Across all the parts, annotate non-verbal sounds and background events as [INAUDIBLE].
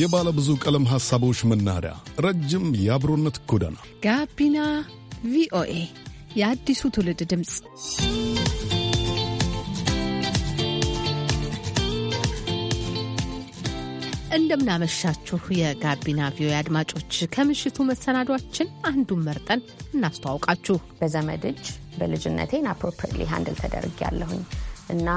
የባለ ብዙ ቀለም ሐሳቦች መናኸሪያ፣ ረጅም የአብሮነት ጎዳና ጋቢና ቪኦኤ የአዲሱ ትውልድ ድምፅ። እንደምናመሻችሁ የጋቢና ቪኦኤ አድማጮች፣ ከምሽቱ መሰናዷችን አንዱን መርጠን እናስተዋውቃችሁ። በዘመድ እጅ በልጅነቴን አፕሮፕሪትሊ ሃንድል ተደርግ ያለሁኝ እና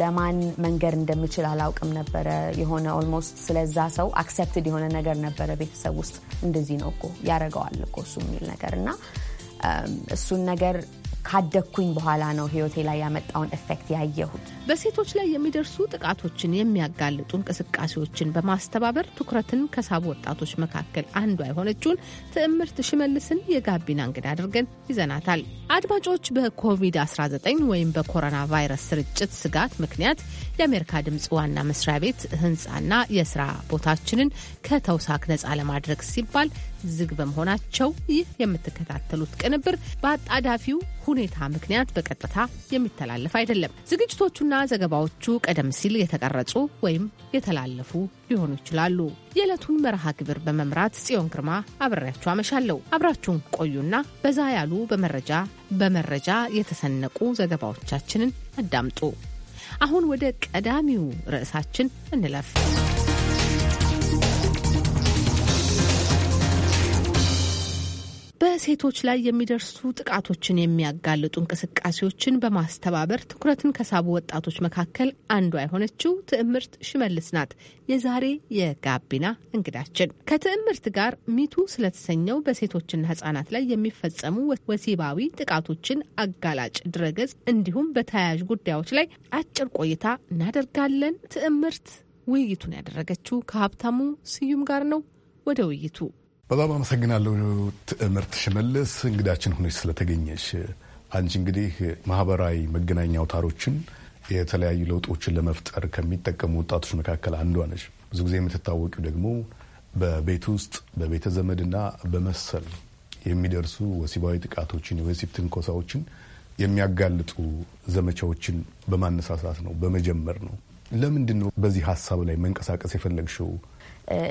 ለማን መንገድ እንደምችል አላውቅም ነበረ። የሆነ ኦልሞስት ስለዛ ሰው አክሰፕትድ የሆነ ነገር ነበረ ቤተሰብ ውስጥ እንደዚህ ነው እኮ ያደረገዋል እኮ እሱ የሚል ነገር እና እሱን ነገር ካደግኩኝ በኋላ ነው ህይወቴ ላይ ያመጣውን ኤፌክት ያየሁት። በሴቶች ላይ የሚደርሱ ጥቃቶችን የሚያጋልጡ እንቅስቃሴዎችን በማስተባበር ትኩረትን ከሳቡ ወጣቶች መካከል አንዷ የሆነችውን ትዕምርት ሽመልስን የጋቢና እንግዳ አድርገን ይዘናታል። አድማጮች፣ በኮቪድ-19 ወይም በኮሮና ቫይረስ ስርጭት ስጋት ምክንያት የአሜሪካ ድምፅ ዋና መስሪያ ቤት ህንፃና የስራ ቦታችንን ከተውሳክ ነፃ ለማድረግ ሲባል ዝግ በመሆናቸው ይህ የምትከታተሉት ቅንብር በአጣዳፊው ሁኔታ ምክንያት በቀጥታ የሚተላለፍ አይደለም። ዝግጅቶቹና ዘገባዎቹ ቀደም ሲል የተቀረጹ ወይም የተላለፉ ሊሆኑ ይችላሉ። የዕለቱን መርሃ ግብር በመምራት ጽዮን ግርማ አብሬያችሁ አመሻለሁ። አብራችሁን ቆዩና በዛ ያሉ በመረጃ በመረጃ የተሰነቁ ዘገባዎቻችንን አዳምጡ። አሁን ወደ ቀዳሚው ርዕሳችን እንለፍ። በሴቶች ላይ የሚደርሱ ጥቃቶችን የሚያጋልጡ እንቅስቃሴዎችን በማስተባበር ትኩረትን ከሳቡ ወጣቶች መካከል አንዷ የሆነችው ትዕምርት ሽመልስ ናት የዛሬ የጋቢና እንግዳችን። ከትዕምርት ጋር ሚቱ ስለተሰኘው በሴቶችና ህጻናት ላይ የሚፈጸሙ ወሲባዊ ጥቃቶችን አጋላጭ ድረገጽ እንዲሁም በተያያዥ ጉዳዮች ላይ አጭር ቆይታ እናደርጋለን። ትዕምርት ውይይቱን ያደረገችው ከሀብታሙ ስዩም ጋር ነው። ወደ ውይይቱ በጣም አመሰግናለሁ ትምህርት ሽመልስ እንግዳችን ሆነች ስለተገኘች። አንቺ እንግዲህ ማህበራዊ መገናኛ አውታሮችን የተለያዩ ለውጦችን ለመፍጠር ከሚጠቀሙ ወጣቶች መካከል አንዷ ነች። ብዙ ጊዜ የምትታወቂው ደግሞ በቤት ውስጥ በቤተ ዘመድና በመሰል የሚደርሱ ወሲባዊ ጥቃቶችን፣ የወሲብ ትንኮሳዎችን የሚያጋልጡ ዘመቻዎችን በማነሳሳት ነው፣ በመጀመር ነው። ለምንድን ነው በዚህ ሀሳብ ላይ መንቀሳቀስ የፈለግሽው?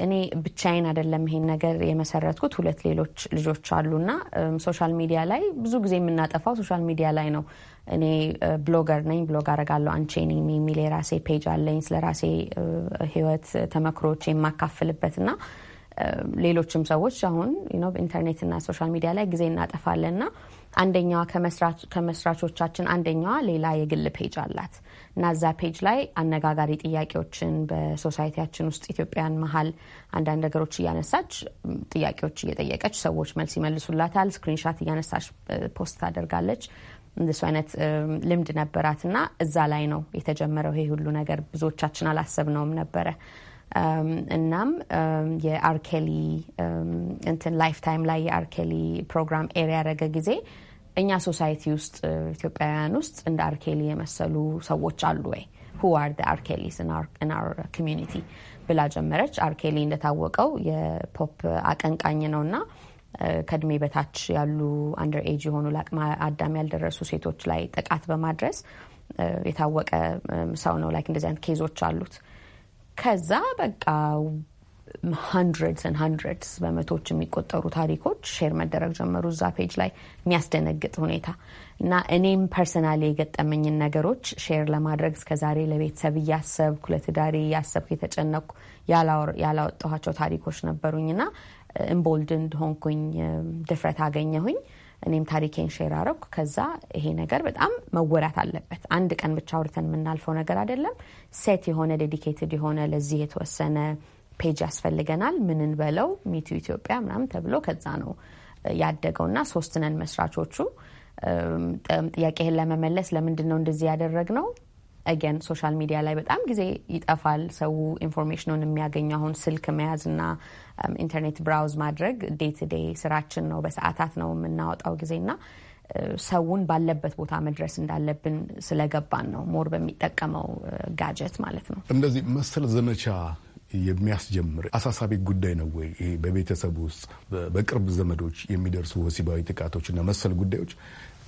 እኔ ብቻዬን አይደለም ይሄን ነገር የመሰረትኩት፣ ሁለት ሌሎች ልጆች አሉና ሶሻል ሚዲያ ላይ ብዙ ጊዜ የምናጠፋው ሶሻል ሚዲያ ላይ ነው። እኔ ብሎገር ነኝ፣ ብሎግ አረጋለሁ። አንቼኒም የሚል የራሴ ፔጅ አለኝ። ስለ ራሴ ህይወት ተመክሮች የማካፍልበት ና ሌሎችም ሰዎች አሁን ና ሶሻል ሚዲያ ላይ ጊዜ እናጠፋለን ና አንደኛዋ ከመስራቾቻችን አንደኛዋ ሌላ የግል ፔጅ አላት እና እዛ ፔጅ ላይ አነጋጋሪ ጥያቄዎችን በሶሳይቲያችን ውስጥ ኢትዮጵያን መሀል አንዳንድ ነገሮች እያነሳች ጥያቄዎች እየጠየቀች ሰዎች መልስ ይመልሱላታል። ስክሪንሻት እያነሳች ፖስት ታደርጋለች። እንደሱ አይነት ልምድ ነበራት እና እዛ ላይ ነው የተጀመረው ይሄ ሁሉ ነገር። ብዙዎቻችን አላሰብነውም ነበረ። እናም የአርኬሊ እንትን ላይፍታይም ላይ የአርኬሊ ፕሮግራም ኤር ያደረገ ጊዜ እኛ ሶሳይቲ ውስጥ ኢትዮጵያውያን ውስጥ እንደ አርኬሊ የመሰሉ ሰዎች አሉ ወይ? ሁ አር አርኬሊስ ኢን አር ኮሚኒቲ ብላ ጀመረች። አርኬሊ እንደታወቀው የፖፕ አቀንቃኝ ነውና ከእድሜ በታች ያሉ አንደር ኤጅ የሆኑ ለአቅመ አዳም ያልደረሱ ሴቶች ላይ ጥቃት በማድረስ የታወቀ ሰው ነው። ላይክ እንደዚህ አይነት ኬዞች አሉት። ከዛ በቃ ሀንድረድስ ን ሀንድረድስ በመቶዎች የሚቆጠሩ ታሪኮች ሼር መደረግ ጀመሩ እዛ ፔጅ ላይ የሚያስደነግጥ ሁኔታ እና እኔም ፐርሰናሊ የገጠመኝን ነገሮች ሼር ለማድረግ እስከዛሬ ለቤተሰብ እያሰብኩ ለትዳሬ እያሰብኩ የተጨነኩ ያላወጣኋቸው ታሪኮች ነበሩኝ እና እምቦልድ እንደሆንኩኝ ድፍረት አገኘሁኝ። እኔም ታሪኬን ሼር አረኩ። ከዛ ይሄ ነገር በጣም መወራት አለበት፣ አንድ ቀን ብቻ አውርተን የምናልፈው ነገር አይደለም። ሴት የሆነ ዴዲኬትድ የሆነ ለዚህ የተወሰነ ፔጅ ያስፈልገናል፣ ምንን በለው ሚቱ ኢትዮጵያ ምናምን ተብሎ ከዛ ነው ያደገው ሶስት ነን መስራቾቹ። ጥያቄህን ለመመለስ ለምንድን ነው እንደዚህ ነው አገን ሶሻል ሚዲያ ላይ በጣም ጊዜ ይጠፋል። ሰው ኢንፎርሜሽኑን የሚያገኘው አሁን ስልክ መያዝና ኢንተርኔት ብራውዝ ማድረግ ዴይ ቱ ዴይ ስራችን ነው። በሰዓታት ነው የምናወጣው ጊዜና ሰውን ባለበት ቦታ መድረስ እንዳለብን ስለገባን ነው ሞር በሚጠቀመው ጋጀት ማለት ነው። እንደዚህ መሰል ዘመቻ የሚያስጀምር አሳሳቢ ጉዳይ ነው ወይ? ይሄ በቤተሰብ ውስጥ በቅርብ ዘመዶች የሚደርሱ ወሲባዊ ጥቃቶችና መሰል ጉዳዮች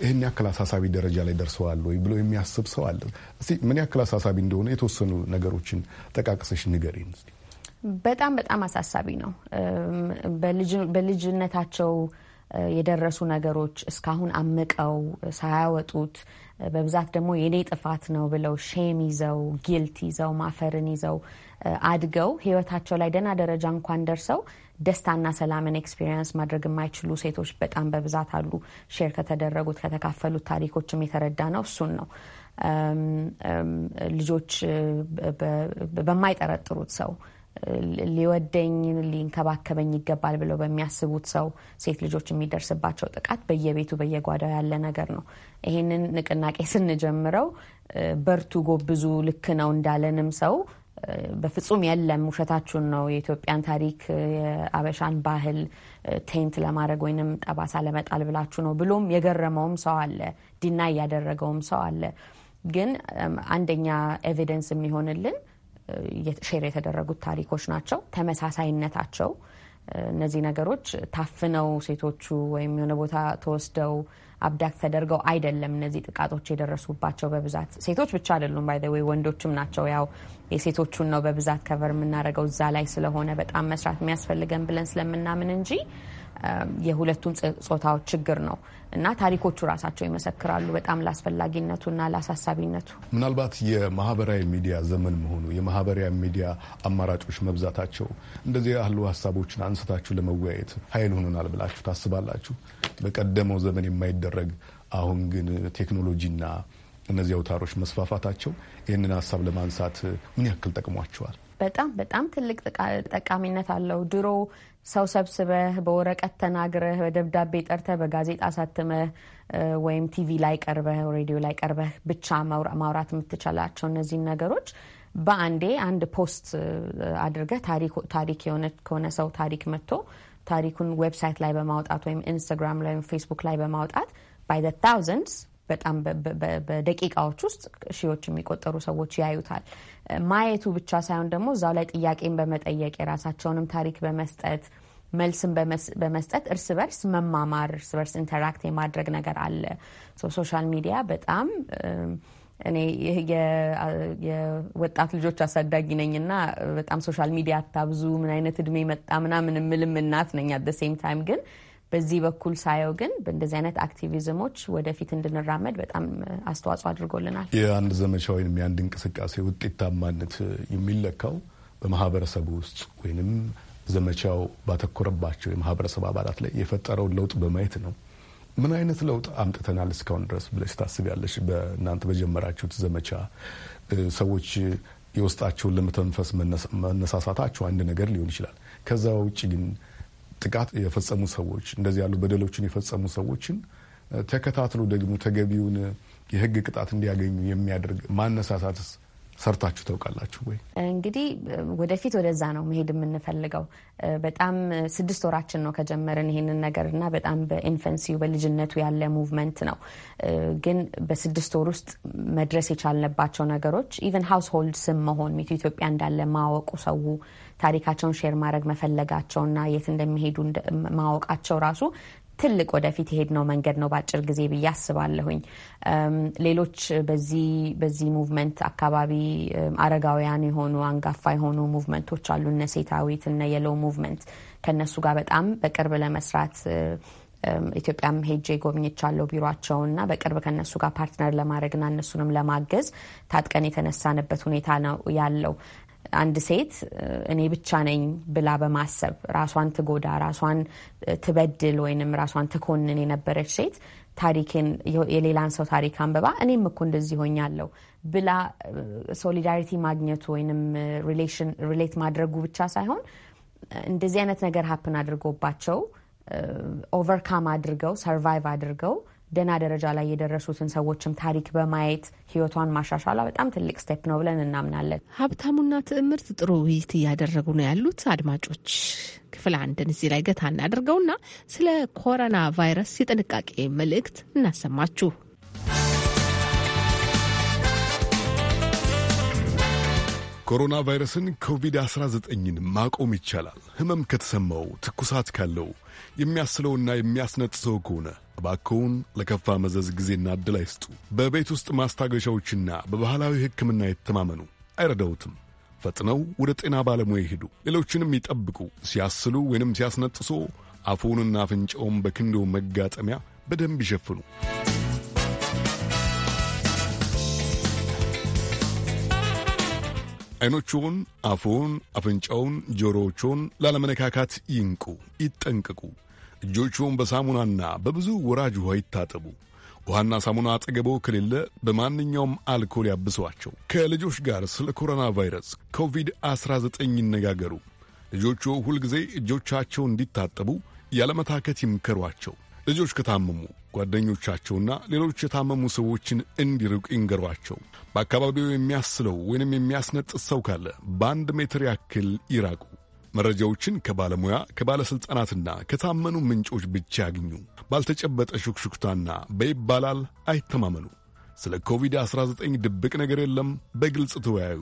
ይህን ያክል አሳሳቢ ደረጃ ላይ ደርሰዋል ወይ ብሎ የሚያስብ ሰው አለ? እስቲ ምን ያክል አሳሳቢ እንደሆነ የተወሰኑ ነገሮችን ጠቃቅሰሽ ንገሪን። በጣም በጣም አሳሳቢ ነው። በልጅነታቸው የደረሱ ነገሮች እስካሁን አምቀው ሳያወጡት በብዛት ደግሞ የኔ ጥፋት ነው ብለው ሼም ይዘው ጊልት ይዘው ማፈርን ይዘው አድገው ህይወታቸው ላይ ደህና ደረጃ እንኳን ደርሰው ደስታና ሰላምን ኤክስፒሪየንስ ማድረግ የማይችሉ ሴቶች በጣም በብዛት አሉ። ሼር ከተደረጉት ከተካፈሉት ታሪኮችም የተረዳ ነው እሱን ነው ልጆች በማይጠረጥሩት ሰው ሊወደኝ ሊንከባከበኝ ይገባል ብለው በሚያስቡት ሰው ሴት ልጆች የሚደርስባቸው ጥቃት በየቤቱ በየጓዳው ያለ ነገር ነው። ይህንን ንቅናቄ ስንጀምረው በርቱ፣ ጎብዙ፣ ልክ ነው እንዳለንም ሰው በፍጹም የለም፣ ውሸታችሁን ነው፣ የኢትዮጵያን ታሪክ የአበሻን ባህል ቴንት ለማድረግ ወይንም ጠባሳ ለመጣል ብላችሁ ነው ብሎም የገረመውም ሰው አለ፣ ዲና እያደረገውም ሰው አለ። ግን አንደኛ ኤቪደንስ የሚሆንልን ሼር የተደረጉት ታሪኮች ናቸው። ተመሳሳይነታቸው እነዚህ ነገሮች ታፍነው ሴቶቹ ወይም የሆነ ቦታ ተወስደው አብዳክ ተደርገው አይደለም እነዚህ ጥቃቶች የደረሱባቸው። በብዛት ሴቶች ብቻ አይደሉም፣ ባይ ዘ ወንዶችም ናቸው። ያው የሴቶቹን ነው በብዛት ከቨር የምናደርገው እዛ ላይ ስለሆነ በጣም መስራት የሚያስፈልገን ብለን ስለምናምን እንጂ የሁለቱም ጾታዎች ችግር ነው። እና ታሪኮቹ ራሳቸው ይመሰክራሉ በጣም ለአስፈላጊነቱና ለአሳሳቢነቱ። ምናልባት የማህበራዊ ሚዲያ ዘመን መሆኑ የማህበራዊ ሚዲያ አማራጮች መብዛታቸው እንደዚህ ያሉ ሀሳቦችን አንስታችሁ ለመወያየት ኃይል ሆኖናል ብላችሁ ታስባላችሁ? በቀደመው ዘመን የማይደረግ አሁን ግን ቴክኖሎጂና እነዚህ አውታሮች መስፋፋታቸው ይህንን ሀሳብ ለማንሳት ምን ያክል ጠቅሟቸዋል? በጣም በጣም ትልቅ ጠቃሚነት አለው። ድሮ ሰው ሰብስበህ በወረቀት ተናግረህ በደብዳቤ ጠርተህ በጋዜጣ አሳትመህ ወይም ቲቪ ላይ ቀርበህ ሬዲዮ ላይ ቀርበህ ብቻ ማውራት የምትችላቸው እነዚህን ነገሮች በአንዴ አንድ ፖስት አድርገህ ታሪክ የሆነ ከሆነ ሰው ታሪክ መጥቶ ታሪኩን ዌብሳይት ላይ በማውጣት ወይም ኢንስታግራም ላይ ወይም ፌስቡክ ላይ በማውጣት ባይ ዘ ታውዘንድስ በጣም በደቂቃዎች ውስጥ ሺዎች የሚቆጠሩ ሰዎች ያዩታል። ማየቱ ብቻ ሳይሆን ደግሞ እዛው ላይ ጥያቄን በመጠየቅ የራሳቸውንም ታሪክ በመስጠት መልስን በመስጠት እርስ በርስ መማማር፣ እርስ በርስ ኢንተራክት የማድረግ ነገር አለ። ሶሻል ሚዲያ በጣም እኔ የወጣት ልጆች አሳዳጊ ነኝና በጣም ሶሻል ሚዲያ አታብዙ፣ ምን አይነት እድሜ መጣ ምናምን የምልም እናት ነኝ። አት ደ ሴም ታይም ግን በዚህ በኩል ሳየው ግን በእንደዚህ አይነት አክቲቪዝሞች ወደፊት እንድንራመድ በጣም አስተዋጽኦ አድርጎልናል። የአንድ ዘመቻ ወይም የአንድ እንቅስቃሴ ውጤታማነት የሚለካው በማህበረሰቡ ውስጥ ወይንም ዘመቻው ባተኮረባቸው የማህበረሰብ አባላት ላይ የፈጠረውን ለውጥ በማየት ነው። ምን አይነት ለውጥ አምጥተናል እስካሁን ድረስ ብለሽ ታስቢያለሽ? በእናንተ በጀመራችሁት ዘመቻ ሰዎች የውስጣቸውን ለመተንፈስ መነሳሳታቸው አንድ ነገር ሊሆን ይችላል። ከዛ ውጭ ግን ጥቃት የፈጸሙ ሰዎች እንደዚህ ያሉ በደሎችን የፈጸሙ ሰዎችን ተከታትሎ ደግሞ ተገቢውን የህግ ቅጣት እንዲያገኙ የሚያደርግ ማነሳሳትስ ሰርታችሁ ታውቃላችሁ ወይ? እንግዲህ ወደፊት ወደዛ ነው መሄድ የምንፈልገው። በጣም ስድስት ወራችን ነው ከጀመርን ይሄንን ነገር እና በጣም በኢንፈንሲው በልጅነቱ ያለ ሙቭመንት ነው። ግን በስድስት ወር ውስጥ መድረስ የቻልንባቸው ነገሮች ኢቨን ሀውስሆልድ ስም መሆን ሚቱ ኢትዮጵያ እንዳለ ማወቁ ሰው ታሪካቸውን ሼር ማድረግ መፈለጋቸውና የት እንደሚሄዱ ማወቃቸው ራሱ ትልቅ ወደፊት የሄድነው መንገድ ነው በአጭር ጊዜ ብዬ አስባለሁኝ። ሌሎች በዚህ በዚህ ሙቭመንት አካባቢ አረጋውያን የሆኑ አንጋፋ የሆኑ ሙቭመንቶች አሉ። እነ ሴታዊት እነ የለው ሙቭመንት ከእነሱ ጋር በጣም በቅርብ ለመስራት ኢትዮጵያም ሄጄ ጎብኝቻለሁ እና በቅርብ ከነሱ ጋር ፓርትነር ለማድረግና እነሱንም ለማገዝ ታጥቀን የተነሳንበት ሁኔታ ነው ያለው። አንድ ሴት እኔ ብቻ ነኝ ብላ በማሰብ ራሷን ትጎዳ፣ ራሷን ትበድል ወይንም ራሷን ትኮንን የነበረች ሴት ታሪክን የሌላን ሰው ታሪክ አንብባ እኔም እኮ እንደዚህ ሆኛለሁ ብላ ሶሊዳሪቲ ማግኘቱ ወይንም ሪሌት ማድረጉ ብቻ ሳይሆን እንደዚህ አይነት ነገር ሀፕን አድርጎባቸው ኦቨርካም አድርገው ሰርቫይቭ አድርገው ደህና ደረጃ ላይ የደረሱትን ሰዎችም ታሪክ በማየት ህይወቷን ማሻሻሏ በጣም ትልቅ ስቴፕ ነው ብለን እናምናለን። ሀብታሙና ትዕምርት ጥሩ ውይይት እያደረጉ ነው ያሉት አድማጮች። ክፍል አንድን እዚህ ላይ ገታ እናደርገውና ስለ ኮሮና ቫይረስ የጥንቃቄ መልእክት እናሰማችሁ። ኮሮና ቫይረስን ኮቪድ-19ን ማቆም ይቻላል። ህመም ከተሰማው፣ ትኩሳት ካለው፣ የሚያስለውና የሚያስነጥሰው ከሆነ እባክዎን ለከፋ መዘዝ ጊዜና ዕድል አይስጡ። በቤት ውስጥ ማስታገሻዎችና በባህላዊ ሕክምና የተማመኑ አይረዳውትም። ፈጥነው ወደ ጤና ባለሙያ ይሄዱ። ሌሎችንም ይጠብቁ። ሲያስሉ ወይንም ሲያስነጥሶ አፉንና አፍንጫውን በክንዶ መጋጠሚያ በደንብ ይሸፍኑ። አይኖቹን፣ አፉን፣ አፍንጫውን፣ ጆሮዎቹን ላለመነካካት ይንቁ፣ ይጠንቅቁ እጆቹን በሳሙናና በብዙ ወራጅ ውሃ ይታጠቡ። ውሃና ሳሙና አጠገቦ ከሌለ በማንኛውም አልኮል ያብሰዋቸው። ከልጆች ጋር ስለ ኮሮና ቫይረስ ኮቪድ-19 ይነጋገሩ። ልጆቹ ሁልጊዜ እጆቻቸው እንዲታጠቡ ያለመታከት ይምከሯቸው። ልጆች ከታመሙ ጓደኞቻቸውና ሌሎች የታመሙ ሰዎችን እንዲርቅ ይንገሯቸው። በአካባቢው የሚያስለው ወይንም የሚያስነጥስ ሰው ካለ በአንድ ሜትር ያክል ይራቁ። መረጃዎችን ከባለሙያ ከባለሥልጣናትና ከታመኑ ምንጮች ብቻ ያግኙ። ባልተጨበጠ ሹክሹክታና በይባላል አይተማመኑ። ስለ ኮቪድ-19 ድብቅ ነገር የለም፣ በግልጽ ተወያዩ።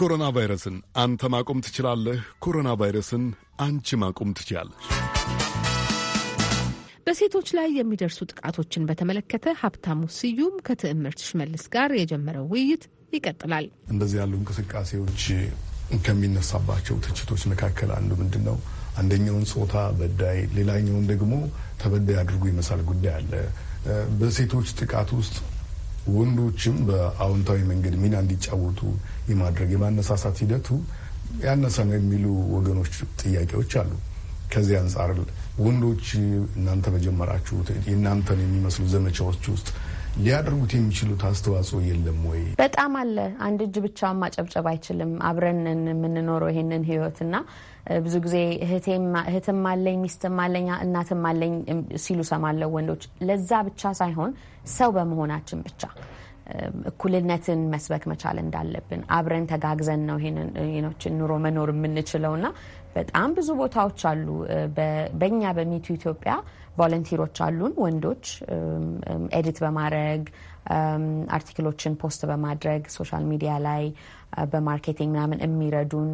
ኮሮና ቫይረስን አንተ ማቆም ትችላለህ። ኮሮና ቫይረስን አንቺ ማቆም ትችላለች። በሴቶች ላይ የሚደርሱ ጥቃቶችን በተመለከተ ሀብታሙ ስዩም ከትዕምርት ሽመልስ ጋር የጀመረው ውይይት ይቀጥላል። እንደዚህ ያሉ እንቅስቃሴዎች ከሚነሳባቸው ትችቶች መካከል አንዱ ምንድን ነው? አንደኛውን ጾታ በዳይ ሌላኛውን ደግሞ ተበዳይ አድርጎ ይመሳል ጉዳይ አለ። በሴቶች ጥቃት ውስጥ ወንዶችም በአዎንታዊ መንገድ ሚና እንዲጫወቱ የማድረግ የማነሳሳት ሂደቱ ያነሰ ነው የሚሉ ወገኖች ጥያቄዎች አሉ። ከዚህ አንጻር ወንዶች እናንተ በጀመራችሁት የእናንተን የሚመስሉ ዘመቻዎች ውስጥ ሊያደርጉት የሚችሉት አስተዋጽኦ የለም ወይ? በጣም አለ። አንድ እጅ ብቻውን ማጨብጨብ አይችልም። አብረን የምንኖረው ይሄንን ህይወት እና ብዙ ጊዜ እህትም አለኝ ሚስትም አለኝ እናትም አለኝ ሲሉ ሰማለው ወንዶች። ለዛ ብቻ ሳይሆን ሰው በመሆናችን ብቻ እኩልነትን መስበክ መቻል እንዳለብን አብረን ተጋግዘን ነው ይህንን ኑሮ መኖር የምንችለው እና በጣም ብዙ ቦታዎች አሉ። በእኛ በሚቱ ኢትዮጵያ ቮለንቲሮች አሉን ወንዶች ኤዲት በማድረግ አርቲክሎችን ፖስት በማድረግ ሶሻል ሚዲያ ላይ በማርኬቲንግ ምናምን የሚረዱን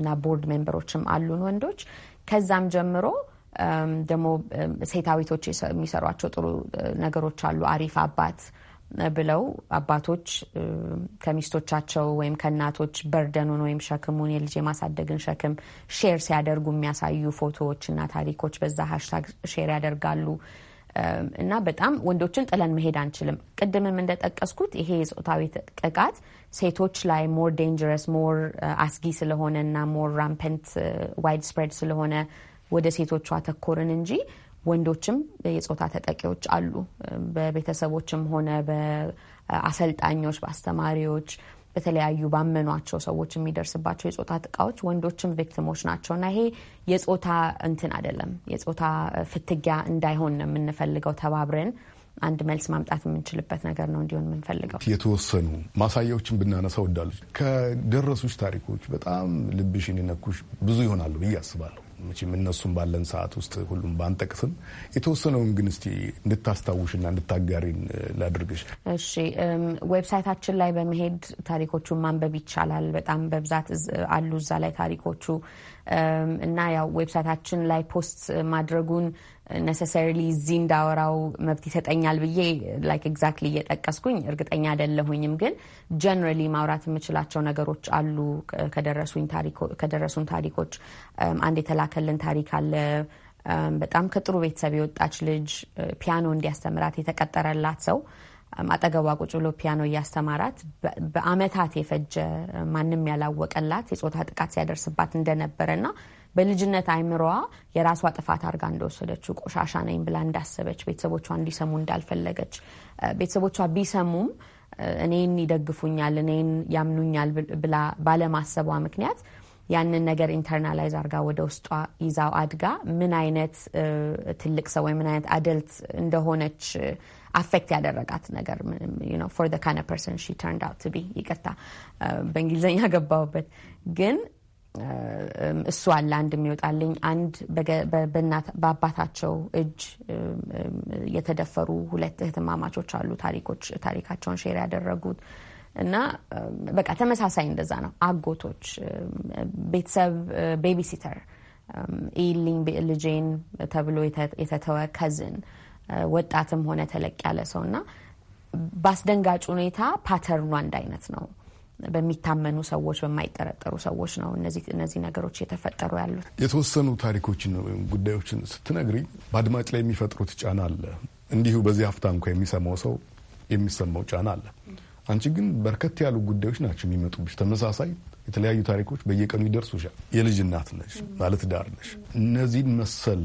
እና ቦርድ ሜምበሮችም አሉን ወንዶች። ከዛም ጀምሮ ደግሞ ሴታዊቶች የሚሰሯቸው ጥሩ ነገሮች አሉ። አሪፍ አባት ብለው አባቶች ከሚስቶቻቸው ወይም ከእናቶች በርደኑን ወይም ሸክሙን የልጅ የማሳደግን ሸክም ሼር ሲያደርጉ የሚያሳዩ ፎቶዎች እና ታሪኮች በዛ ሀሽታግ ሼር ያደርጋሉ እና በጣም ወንዶችን ጥለን መሄድ አንችልም። ቅድምም እንደጠቀስኩት ይሄ የጾታዊ ጥቃት ሴቶች ላይ ሞር ዴንጀረስ ሞር አስጊ ስለሆነ እና ሞር ራምፐንት ዋይድ ስፕሬድ ስለሆነ ወደ ሴቶቹ አተኮርን እንጂ ወንዶችም የጾታ ተጠቂዎች አሉ። በቤተሰቦችም ሆነ በአሰልጣኞች፣ በአስተማሪዎች፣ በተለያዩ ባመኗቸው ሰዎች የሚደርስባቸው የጾታ ጥቃዎች ወንዶችም ቪክቲሞች ናቸው እና ይሄ የጾታ እንትን አይደለም፣ የጾታ ፍትጊያ እንዳይሆን ነው የምንፈልገው ተባብረን አንድ መልስ ማምጣት የምንችልበት ነገር ነው እንዲሆን የምንፈልገው። የተወሰኑ ማሳያዎችን ብናነሳ ወዳሉ ከደረሱች ታሪኮች በጣም ልብሽን የነኩሽ ብዙ ይሆናሉ ብዬ አስባለሁ። መቼም እነሱም ባለን ሰዓት ውስጥ ሁሉም ባንጠቅስም የተወሰነውን ግን እስቲ እንድታስታውሽና እንድታጋሪን ላድርግሽ። እሺ፣ ዌብሳይታችን ላይ በመሄድ ታሪኮቹን ማንበብ ይቻላል። በጣም በብዛት አሉ እዛ ላይ ታሪኮቹ እና ያው ዌብሳይታችን ላይ ፖስት ማድረጉን ነሰሰሪሊ እዚህ እንዳወራው መብት ይሰጠኛል ብዬ ላይክ ኤግዛክትሊ እየጠቀስኩኝ እርግጠኛ አይደለሁኝም፣ ግን ጀነራሊ ማውራት የምችላቸው ነገሮች አሉ። ከደረሱን ታሪኮች አንድ የተላከልን ታሪክ አለ። በጣም ከጥሩ ቤተሰብ የወጣች ልጅ ፒያኖ እንዲያስተምራት የተቀጠረላት ሰው አጠገቧ ቁጭ ብሎ ፒያኖ እያስተማራት በአመታት የፈጀ ማንም ያላወቀላት የጾታ ጥቃት ሲያደርስባት እንደነበረና በልጅነት አይምሯ የራሷ ጥፋት አድርጋ እንደወሰደችው ቆሻሻ ነኝ ብላ እንዳሰበች ቤተሰቦቿ እንዲሰሙ እንዳልፈለገች ቤተሰቦቿ ቢሰሙም እኔን ይደግፉኛል፣ እኔን ያምኑኛል ብላ ባለማሰቧ ምክንያት ያንን ነገር ኢንተርናላይዝ አድርጋ ወደ ውስጧ ይዛው አድጋ ምን አይነት ትልቅ ሰው ወይ ምን አይነት አደልት እንደሆነች አፌክት ያደረጋት ነገር ፎር ደ ካይንድ ፐርሰን ሺ ተርንድ አውት ቱ ቢ ይቅርታ፣ በእንግሊዝኛ ገባሁበት። ግን እሱ አለ አንድ የሚወጣልኝ አንድ በአባታቸው እጅ የተደፈሩ ሁለት እህትማማቾች አሉ ታሪኮች ታሪካቸውን ሼር ያደረጉት እና በቃ ተመሳሳይ እንደዛ ነው። አጎቶች፣ ቤተሰብ፣ ቤቢሲተር ኢልኝ ልጄን ተብሎ የተተወ ከዝን ወጣትም ሆነ ተለቅ ያለ ሰው እና በአስደንጋጭ ሁኔታ ፓተርኑ አንድ አይነት ነው። በሚታመኑ ሰዎች፣ በማይጠረጠሩ ሰዎች ነው እነዚህ ነገሮች እየተፈጠሩ ያሉት። የተወሰኑ ታሪኮችን ወይም ጉዳዮችን ስትነግሪ በአድማጭ ላይ የሚፈጥሩት ጫና አለ። እንዲሁ በዚህ ሀፍታ እንኳ የሚሰማው ሰው የሚሰማው ጫና አለ። አንቺ ግን በርከት ያሉ ጉዳዮች ናቸው የሚመጡብሽ። ተመሳሳይ የተለያዩ ታሪኮች በየቀኑ ይደርሱሻል። የልጅ እናት ነሽ፣ ባለትዳር ነሽ። እነዚህን መሰል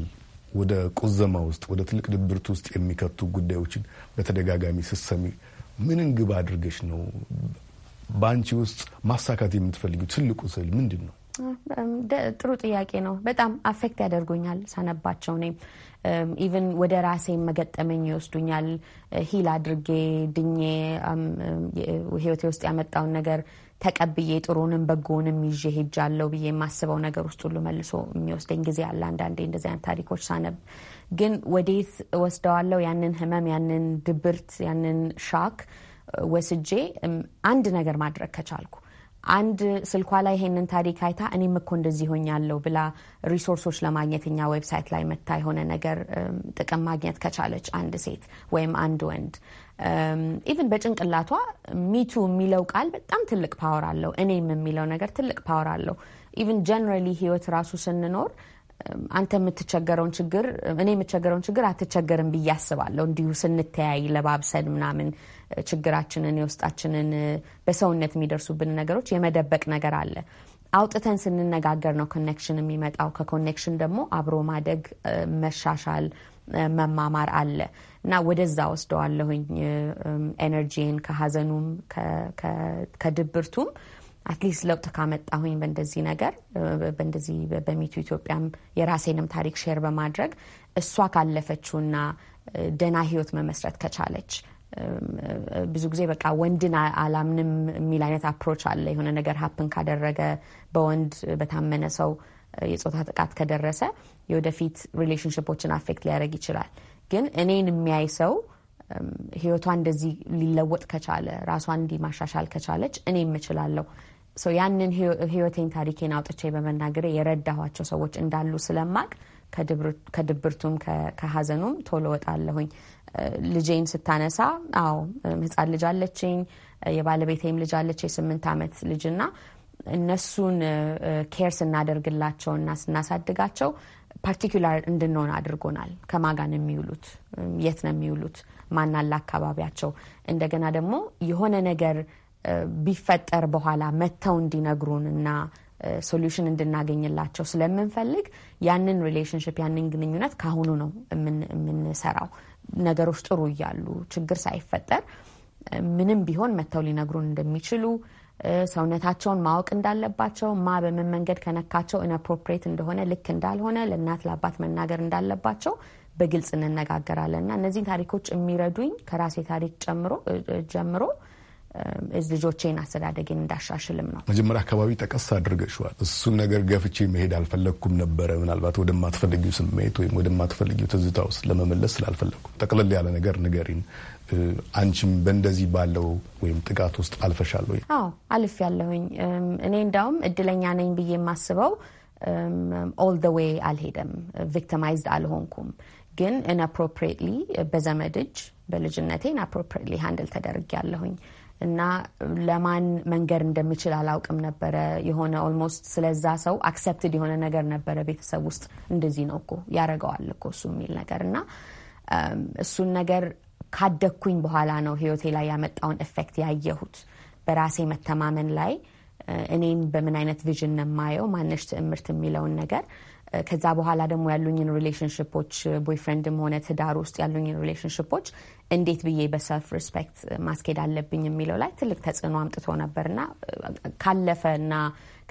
ወደ ቁዘማ ውስጥ ወደ ትልቅ ድብርት ውስጥ የሚከቱ ጉዳዮችን በተደጋጋሚ ስሰሚ ምንን ግብ አድርገሽ ነው በአንቺ ውስጥ ማሳካት የምትፈልጊው ትልቁ ስዕል ምንድን ነው? ጥሩ ጥያቄ ነው። በጣም አፌክት ያደርጉኛል ሳነባቸው። እኔም ኢቨን ወደ ራሴ መገጠመኝ ይወስዱኛል። ሂል አድርጌ ድኜ ህይወቴ ውስጥ ያመጣውን ነገር ተቀብዬ ጥሩንም በጎንም ይዤ ሄጃለሁ ብዬ የማስበው ነገር ውስጥ ሁሉ መልሶ የሚወስደኝ ጊዜ አለ። አንዳንዴ እንደዚህ አይነት ታሪኮች ሳነብ ግን ወዴት ወስደዋለው ያንን ህመም፣ ያንን ድብርት፣ ያንን ሻክ ወስጄ አንድ ነገር ማድረግ ከቻልኩ አንድ ስልኳ ላይ ይሄንን ታሪክ አይታ እኔም እኮ እንደዚህ ሆኛለሁ ብላ ሪሶርሶች ለማግኘት እኛ ዌብሳይት ላይ መታ የሆነ ነገር ጥቅም ማግኘት ከቻለች አንድ ሴት ወይም አንድ ወንድ ኢቭን በጭንቅላቷ ሚቱ የሚለው ቃል በጣም ትልቅ ፓወር አለው። እኔም የሚለው ነገር ትልቅ ፓወር አለው። ኢቭን ጀነራሊ ህይወት ራሱ ስንኖር አንተ የምትቸገረውን ችግር እኔ የምቸገረውን ችግር አትቸገርም ብዬ አስባለሁ። እንዲሁ ስንተያይ ለባብሰን ምናምን ችግራችንን የውስጣችንን በሰውነት የሚደርሱብን ነገሮች የመደበቅ ነገር አለ። አውጥተን ስንነጋገር ነው ኮኔክሽን የሚመጣው። ከኮኔክሽን ደግሞ አብሮ ማደግ፣ መሻሻል፣ መማማር አለ እና ወደዛ ወስደዋለሁኝ ኤነርጂን ከሀዘኑም ከድብርቱም አትሊስት ለውጥ ካመጣሁኝ በእንደዚህ ነገር በእንደዚህ በሚቱ ኢትዮጵያም የራሴንም ታሪክ ሼር በማድረግ እሷ ካለፈችውና ደህና ህይወት መመስረት ከቻለች ብዙ ጊዜ በቃ ወንድን አላምንም የሚል አይነት አፕሮች አለ። የሆነ ነገር ሀፕን ካደረገ በወንድ በታመነ ሰው የጾታ ጥቃት ከደረሰ የወደፊት ሪሌሽንሽፖችን አፌክት ሊያደርግ ይችላል። ግን እኔን የሚያይ ሰው ህይወቷ እንደዚህ ሊለወጥ ከቻለ ራሷን እንዲህ ማሻሻል ከቻለች እኔ የምችላለሁ ያንን ህይወቴን ታሪኬን አውጥቼ በመናገሬ የረዳኋቸው ሰዎች እንዳሉ ስለማቅ ከድብርቱም ከሀዘኑም ቶሎ ወጣለሁኝ። ልጄን ስታነሳ አዎ ህፃን ልጅ አለችኝ፣ የባለቤቴም ልጅ አለች የስምንት ዓመት ልጅና እነሱን ኬር ስናደርግላቸው እና ስናሳድጋቸው ፓርቲኩላር እንድንሆን አድርጎናል። ከማጋን የሚውሉት የት ነው የሚውሉት? ማናላ አካባቢያቸው። እንደገና ደግሞ የሆነ ነገር ቢፈጠር በኋላ መጥተው እንዲነግሩን እና ሶሉሽን እንድናገኝላቸው ስለምንፈልግ ያንን ሪሌሽንሽፕ ያንን ግንኙነት ካሁኑ ነው የምንሰራው። ነገሮች ጥሩ እያሉ ችግር ሳይፈጠር ምንም ቢሆን መጥተው ሊነግሩን እንደሚችሉ ሰውነታቸውን ማወቅ እንዳለባቸው ማ በምን መንገድ ከነካቸው ኢንአፕሮፕሬት እንደሆነ ልክ እንዳልሆነ ለእናት ለአባት መናገር እንዳለባቸው በግልጽ እንነጋገራለን እና እነዚህን ታሪኮች የሚረዱኝ ከራሴ ታሪክ ጀምሮ ልጆቼን አስተዳደጌን እንዳሻሽልም ነው። መጀመሪያ አካባቢ ጠቀስ አድርገሸዋል። እሱን ነገር ገፍቼ መሄድ አልፈለግኩም ነበረ። ምናልባት ወደማትፈልጊው ስሜት ወይም ወደማትፈልጊው ትዝታ ውስጥ ለመመለስ ስላልፈለግኩ ጠቅለል ያለ ነገር ንገሪን። አንቺም በእንደዚህ ባለው ወይም ጥቃት ውስጥ አልፈሻለሁ? አዎ አልፍ ያለሁኝ። እኔ እንዳውም እድለኛ ነኝ ብዬ የማስበው ኦል ደ ዌይ አልሄደም፣ ቪክቲማይዝድ አልሆንኩም። ግን ኢንአፕሮፕሪየትሊ በዘመድ እጅ በልጅነቴን አፕሮፕሪትሊ ሀንድል ተደርግ ያለሁኝ እና ለማን መንገድ እንደምችል አላውቅም ነበረ። የሆነ ኦልሞስት ስለዛ ሰው አክሰፕትድ የሆነ ነገር ነበረ ቤተሰብ ውስጥ እንደዚህ ነው እኮ ያደረገዋል እኮ እሱ የሚል ነገር እና እሱን ነገር ካደግኩኝ በኋላ ነው ህይወቴ ላይ ያመጣውን ኤፌክት ያየሁት በራሴ መተማመን ላይ እኔን በምን አይነት ቪዥን ነው የማየው ማነሽ ትዕምርት የሚለውን ነገር ከዛ በኋላ ደግሞ ያሉኝን ሪሌሽንሽፖች ቦይፍሬንድም ሆነ ትዳር ውስጥ ያሉኝን ሪሌሽንሽፖች እንዴት ብዬ በሰልፍ ሪስፔክት ማስኬድ አለብኝ የሚለው ላይ ትልቅ ተጽዕኖ አምጥቶ ነበርና ካለፈ እና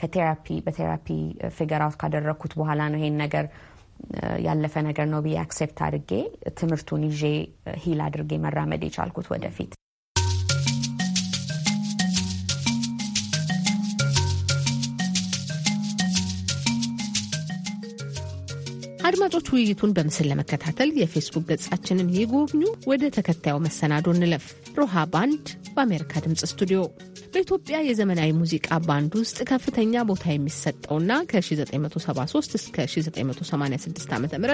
ከቴራፒ በቴራፒ ፊገር አውት ካደረግኩት በኋላ ነው ይሄን ነገር ያለፈ ነገር ነው ብዬ አክሴፕት አድርጌ ትምህርቱን ይዤ ሂል አድርጌ መራመድ የቻልኩት ወደፊት አድማጮች ውይይቱን በምስል ለመከታተል የፌስቡክ ገጻችንን ይጎብኙ። ወደ ተከታዩ መሰናዶ እንለፍ። ሮሃ ባንድ በአሜሪካ ድምፅ ስቱዲዮ በኢትዮጵያ የዘመናዊ ሙዚቃ ባንድ ውስጥ ከፍተኛ ቦታ የሚሰጠውና ከ1973 እስከ 1986 ዓ ም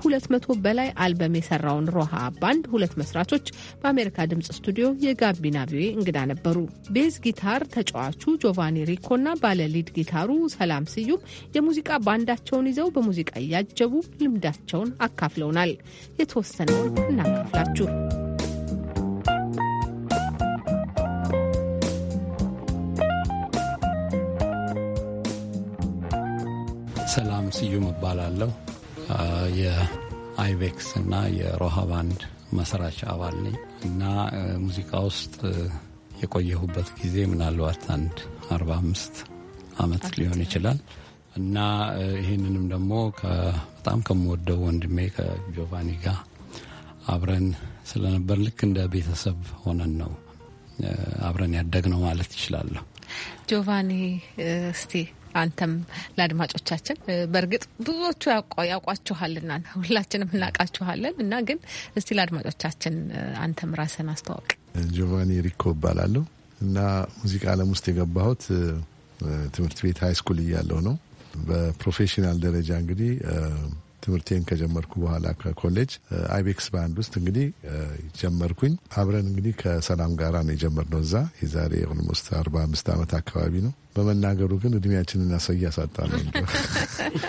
ከ200 በላይ አልበም የሰራውን ሮሃ ባንድ ሁለት መስራቾች በአሜሪካ ድምጽ ስቱዲዮ የጋቢና ቪዌ እንግዳ ነበሩ። ቤዝ ጊታር ተጫዋቹ ጆቫኒ ሪኮና ባለ ሊድ ጊታሩ ሰላም ስዩም የሙዚቃ ባንዳቸውን ይዘው በሙዚቃ እያጀቡ ልምዳቸውን አካፍለውናል። የተወሰነውን እናካፍላችሁ። ሰላም ስዩም እባላለሁ። የአይቤክስ እና የሮሃ ባንድ መስራች አባል ነኝ እና ሙዚቃ ውስጥ የቆየሁበት ጊዜ ምናልባት አንድ አርባ አምስት አመት ሊሆን ይችላል እና ይህንንም ደግሞ በጣም ከምወደው ወንድሜ ከጆቫኒ ጋር አብረን ስለነበር ልክ እንደ ቤተሰብ ሆነን ነው አብረን ያደግነው ማለት ይችላለሁ። ጆቫኒ እስቲ አንተም ለአድማጮቻችን በእርግጥ ብዙዎቹ ያውቋችኋልና ሁላችንም እናውቃችኋለን እና ግን እስቲ ለአድማጮቻችን አንተም ራስን አስተዋውቅ። ጆቫኒ ሪኮ እባላለሁ እና ሙዚቃ ዓለም ውስጥ የገባሁት ትምህርት ቤት ሀይ ስኩል እያለሁ ነው። በፕሮፌሽናል ደረጃ እንግዲህ ትምህርቴን ከጀመርኩ በኋላ ከኮሌጅ አይቤክስ ባንድ ውስጥ እንግዲህ ጀመርኩኝ። አብረን እንግዲህ ከሰላም ጋራ ነው የጀመርነው። እዛ የዛሬ ኦልሞስት አርባ አምስት ዓመት አካባቢ ነው። በመናገሩ ግን እድሜያችንን ያሳይ ያሳጣ ነው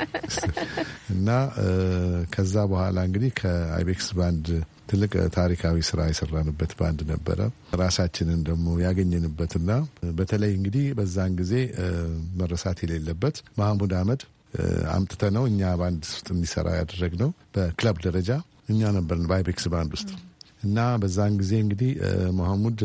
[LAUGHS] እና ከዛ በኋላ እንግዲህ ከአይቤክስ ባንድ ትልቅ ታሪካዊ ስራ የሰራንበት ባንድ ነበረ። ራሳችንን ደግሞ ያገኘንበትና በተለይ እንግዲህ በዛን ጊዜ መረሳት የሌለበት መሐሙድ አህመድ አምጥተ ነው እኛ ባንድ ውስጥ እንዲሰራ ያደረግ ነው። በክለብ ደረጃ እኛ ነበርን በአይቤክስ ባንድ ውስጥ እና በዛን ጊዜ እንግዲህ መሐሙድ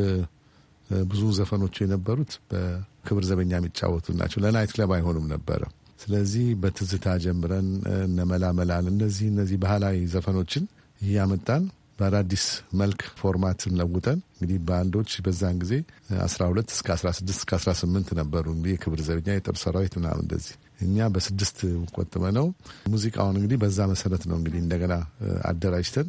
ብዙ ዘፈኖቹ የነበሩት በክብር ዘበኛ የሚጫወቱ ናቸው። ለናይት ክለብ አይሆኑም ነበረ። ስለዚህ በትዝታ ጀምረን እነመላመላል እነዚህ እነዚህ ባህላዊ ዘፈኖችን እያመጣን በአዳዲስ መልክ ፎርማትን ለውጠን እንግዲህ በአንዶች በዛን ጊዜ 12 እስከ 16 እስከ 18 ነበሩ። እንግዲህ የክብር ዘበኛ የጠብ ሰራዊት ምናምን እንደዚህ እኛ በስድስት ቆጥበ ነው ሙዚቃውን እንግዲህ በዛ መሰረት ነው እንግዲህ እንደገና አደራጅተን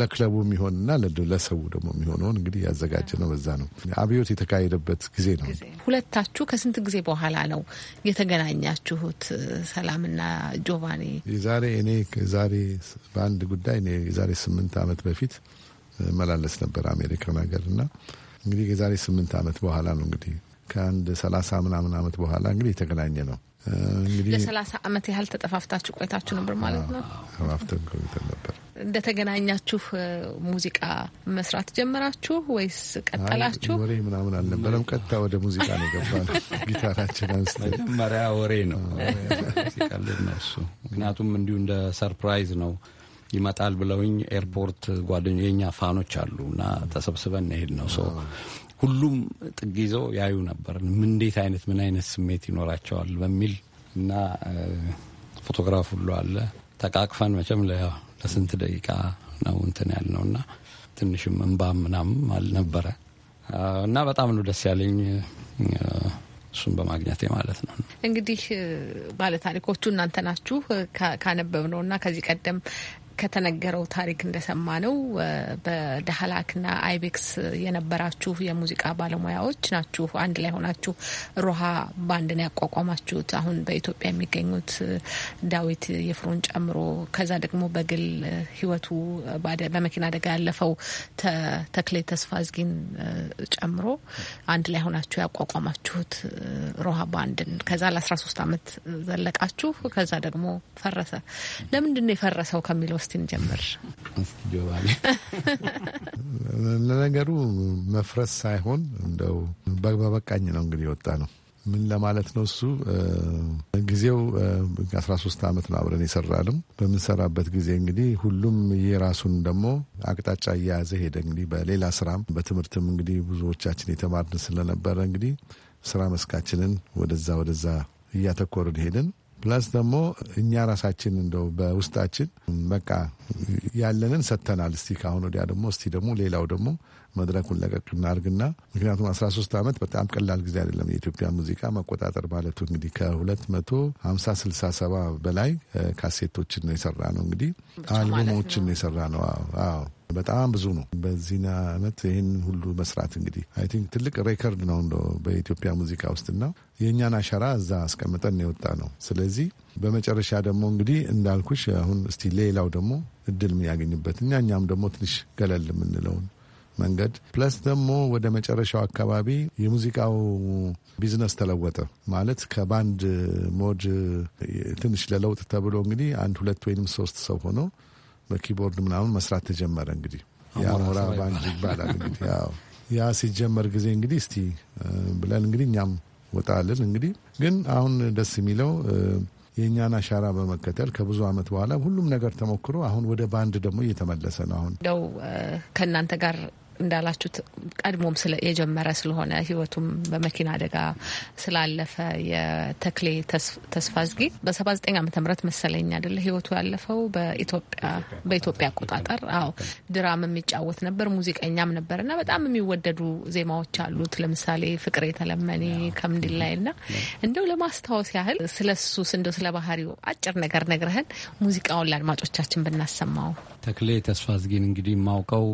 ለክለቡ የሚሆንና ለሰው ደግሞ የሚሆነውን እንግዲህ ያዘጋጀ ነው። በዛ ነው አብዮት የተካሄደበት ጊዜ ነው። ሁለታችሁ ከስንት ጊዜ በኋላ ነው የተገናኛችሁት? ሰላምና ጆቫኒ የዛሬ እኔ ዛሬ በአንድ ጉዳይ እኔ የዛሬ ስምንት ዓመት በፊት መላለስ ነበር አሜሪካን ሀገር እና እንግዲህ የዛሬ ስምንት ዓመት በኋላ ነው እንግዲህ ከአንድ ሰላሳ ምናምን ዓመት በኋላ እንግዲህ የተገናኘ ነው። እንግዲህ ለሰላሳ አመት ያህል ተጠፋፍታችሁ ቆይታችሁ ነበር ማለት ነው። ተጠፋፍተን ቆይተን ነበር። እንደተገናኛችሁ ሙዚቃ መስራት ጀመራችሁ ወይስ ቀጠላችሁ? ወሬ ምናምን አልነበረም፣ ቀጥታ ወደ ሙዚቃ ነው የገባነው። [LAUGHS] ጊታራችን አንስ መጀመሪያ ወሬ ነው ሲቀልድ ነው እሱ። ምክንያቱም እንዲሁ እንደ ሰርፕራይዝ ነው ይመጣል ብለውኝ ኤርፖርት ጓደኛ የእኛ ፋኖች አሉ እና ተሰብስበን ሄድ ነው ሁሉም ጥግ ይዘው ያዩ ነበር። እንዴት አይነት ምን አይነት ስሜት ይኖራቸዋል በሚል እና ፎቶግራፍ ሁሉ አለ። ተቃቅፈን መቼም ለስንት ደቂቃ ነው እንትን ያልነው እና ትንሽም እንባ ምናምን አልነበረ እና በጣም ነው ደስ ያለኝ እሱን በማግኘቴ ማለት ነው። እንግዲህ ባለታሪኮቹ እናንተ ናችሁ። ካነበብ ነው እና ከዚህ ቀደም ከተነገረው ታሪክ እንደሰማ ነው። በዳህላክና አይቤክስ የነበራችሁ የሙዚቃ ባለሙያዎች ናችሁ። አንድ ላይ ሆናችሁ ሮሃ ባንድን ያቋቋማችሁት አሁን በኢትዮጵያ የሚገኙት ዳዊት የፍሮን ጨምሮ ከዛ ደግሞ በግል ህይወቱ በመኪና አደጋ ያለፈው ተክሌ ተስፋ ዝጊን ጨምሮ አንድ ላይ ሆናችሁ ያቋቋማችሁት ሮሃ ባንድን ከዛ ለ13 ዓመት ዘለቃችሁ። ከዛ ደግሞ ፈረሰ። ለምንድን ነው የፈረሰው ከሚለው እስቲ ጀምር። ለነገሩ መፍረስ ሳይሆን እንደው በበቃኝ ነው እንግዲህ የወጣ ነው። ምን ለማለት ነው እሱ ጊዜው አስራ ሶስት አመት ነው አብረን የሰራንም። በምንሰራበት ጊዜ እንግዲህ ሁሉም የራሱን ደግሞ አቅጣጫ እየያዘ ሄደ። እንግዲህ በሌላ ስራም በትምህርትም እንግዲህ ብዙዎቻችን የተማርን ስለነበረ እንግዲህ ስራ መስካችንን ወደዛ ወደዛ እያተኮርን ሄድን። ፕላስ ደግሞ እኛ ራሳችን እንደው በውስጣችን በቃ ያለንን ሰጥተናል። እስቲ ከአሁን ወዲያ ደግሞ እስቲ ደግሞ ሌላው ደግሞ መድረኩን ለቀቅ እናርግና ምክንያቱም አስራ ሶስት ዓመት በጣም ቀላል ጊዜ አይደለም። የኢትዮጵያ ሙዚቃ መቆጣጠር ማለቱ እንግዲህ ከሁለት መቶ ሀምሳ ስልሳ ሰባ በላይ ካሴቶችን ነው የሰራ ነው እንግዲህ አልበሞችን ነው የሰራ ነው። አዎ በጣም ብዙ ነው። በዚህን አመት ይህን ሁሉ መስራት እንግዲህ አይ ቲንክ ትልቅ ሬከርድ ነው እንደ በኢትዮጵያ ሙዚቃ ውስጥና የእኛን አሻራ እዛ አስቀምጠን የወጣ ነው። ስለዚህ በመጨረሻ ደግሞ እንግዲህ እንዳልኩሽ አሁን እስቲ ሌላው ደግሞ እድል የሚያገኝበት እኛ እኛም ደግሞ ትንሽ ገለል የምንለውን መንገድ ፕለስ ደግሞ ወደ መጨረሻው አካባቢ የሙዚቃው ቢዝነስ ተለወጠ ማለት ከባንድ ሞድ ትንሽ ለለውጥ ተብሎ እንግዲህ አንድ ሁለት ወይንም ሶስት ሰው ሆኖ በኪቦርድ ምናምን መስራት ተጀመረ። እንግዲህ የአሞራ ባንድ ይባላል። እንግዲህ [LAUGHS] ያ ሲጀመር ጊዜ እንግዲህ እስቲ ብለን እንግዲህ እኛም ወጣልን። እንግዲህ ግን አሁን ደስ የሚለው የእኛን አሻራ በመከተል ከብዙ ዓመት በኋላ ሁሉም ነገር ተሞክሮ አሁን ወደ ባንድ ደግሞ እየተመለሰ ነው። አሁን እንደው ከእናንተ ጋር እንዳላችሁት ቀድሞም የጀመረ ስለሆነ ህይወቱም በመኪና አደጋ ስላለፈ የተክሌ ተስፋ ዝጊ በ79 ዓመተ ምህረት መሰለኝ አደለ ህይወቱ ያለፈው በኢትዮጵያ አቆጣጠር። አዎ ድራም የሚጫወት ነበር፣ ሙዚቀኛም ነበር እና በጣም የሚወደዱ ዜማዎች አሉት። ለምሳሌ ፍቅር የተለመኔ ከምንድን ላይ ና እንደው ለማስታወስ ያህል ስለ ሱስ እንደው ስለ ባህሪው አጭር ነገር ነግረህን ሙዚቃውን ለአድማጮቻችን ብናሰማው። ተክሌ ተስፋ ዝጊን እንግዲህ የማውቀው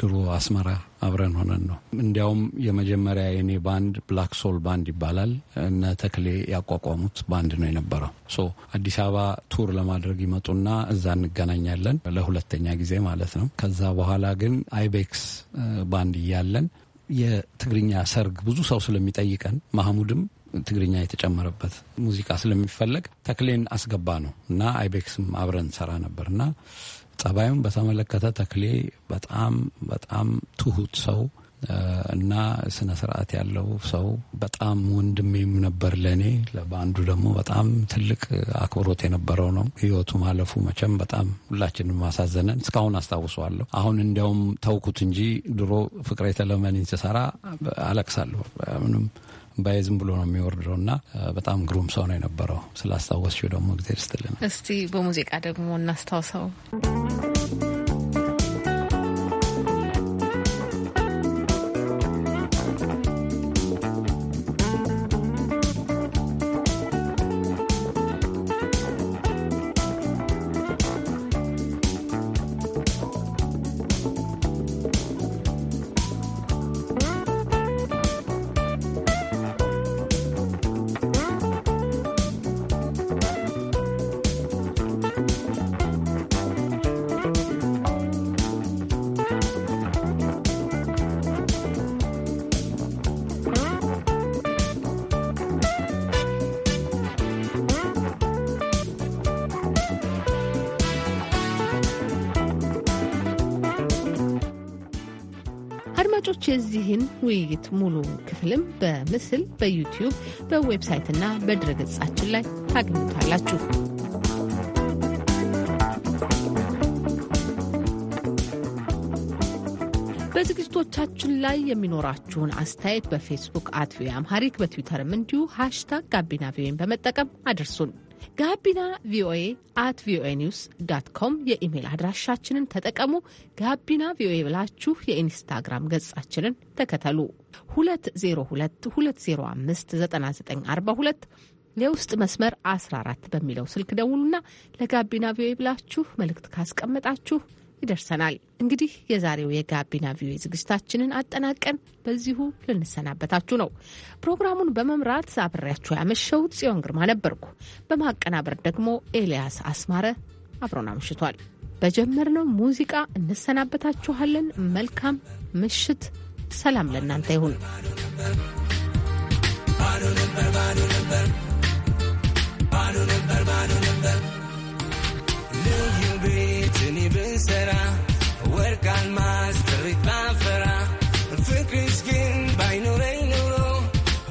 ድሮ አስመራ አብረን ሆነን ነው። እንዲያውም የመጀመሪያ የኔ ባንድ ብላክ ሶል ባንድ ይባላል። እነ ተክሌ ያቋቋሙት ባንድ ነው የነበረው። ሶ አዲስ አበባ ቱር ለማድረግ ይመጡና እዛ እንገናኛለን ለሁለተኛ ጊዜ ማለት ነው። ከዛ በኋላ ግን አይቤክስ e ባንድ እያለን የትግርኛ ሰርግ ብዙ ሰው ስለሚጠይቀን ማህሙድም ትግርኛ የተጨመረበት ሙዚቃ ስለሚፈለግ ተክሌን አስገባ ነው እና አይቤክስም e አብረን ሰራ ነበር እና ጸባዩን በተመለከተ ተክሌ በጣም በጣም ትሁት ሰው እና ስነ ስርዓት ያለው ሰው በጣም ወንድሜም ነበር ለእኔ። በአንዱ ደግሞ በጣም ትልቅ አክብሮት የነበረው ነው። ህይወቱ ማለፉ መቼም በጣም ሁላችንም ማሳዘነን እስካሁን አስታውሰዋለሁ። አሁን እንዲያውም ተውኩት እንጂ ድሮ ፍቅሬ ተለመኔን ስሰራ አለቅሳለሁ ምንም ዝም ብሎ ነው የሚወርደው እና በጣም ግሩም ሰው ነው የነበረው። ስላስታወስሽው ደግሞ ጊዜ ደስትልን። እስቲ በሙዚቃ ደግሞ እናስታውሰው። አድማጮች የዚህን ውይይት ሙሉ ክፍልም በምስል በዩቲዩብ በዌብሳይትና በድረገጻችን ላይ ታገኙታላችሁ። በዝግጅቶቻችን ላይ የሚኖራችሁን አስተያየት በፌስቡክ አት ቪኦኤ አምሃሪክ በትዊተርም እንዲሁ ሃሽታግ ጋቢና ቪኦኤን በመጠቀም አድርሱን። ጋቢና ቪኦኤ አት ቪኦኤ ኒውስ ዳት ኮም የኢሜይል አድራሻችንን ተጠቀሙ። ጋቢና ቪኦኤ ብላችሁ የኢንስታግራም ገጻችንን ተከተሉ። 2022059942 የውስጥ መስመር 14 በሚለው ስልክ ደውሉና ለጋቢና ቪኦኤ ብላችሁ መልእክት ካስቀመጣችሁ ይደርሰናል። እንግዲህ የዛሬው የጋቢና ቪኦኤ ዝግጅታችንን አጠናቀን በዚሁ ልንሰናበታችሁ ነው። ፕሮግራሙን በመምራት አብሬያችሁ ያመሸው ጽዮን ግርማ ነበርኩ። በማቀናበር ደግሞ ኤልያስ አስማረ አብሮን አምሽቷል። በጀመርነው ሙዚቃ እንሰናበታችኋለን። መልካም ምሽት። ሰላም ለእናንተ ይሁን። ባዶ ነበር ባዶ ነበር። baru lembar. እኔ ብንሰራ ወርቅ አልማዝ ጥሪት ባፈራ ፍቅርሽ ግን ባይኖረኝ ኑሮ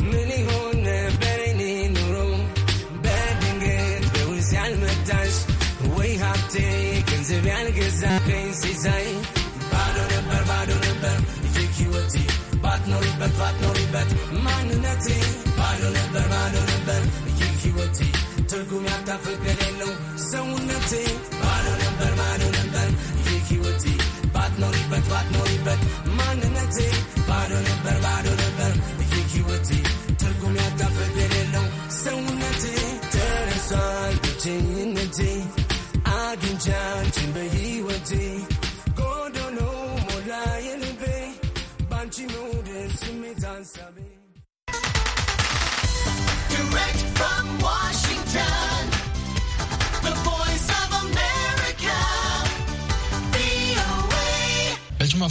ምን ይሆን ነበር እኔ ኑሮ በድንገት በውዝ ያልመጣሽ ወይ ሀብቴ ገንዘብ ያልገዛ ያልገዛከኝ ሲሳይ ባዶ ነበር ባዶ ነበር ይህ ህይወቴ ባትኖሪበት ባትኖሪበት ማንነቴ ባዶ ነበር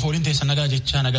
fooliin teessuma nagaa jechaa nagaa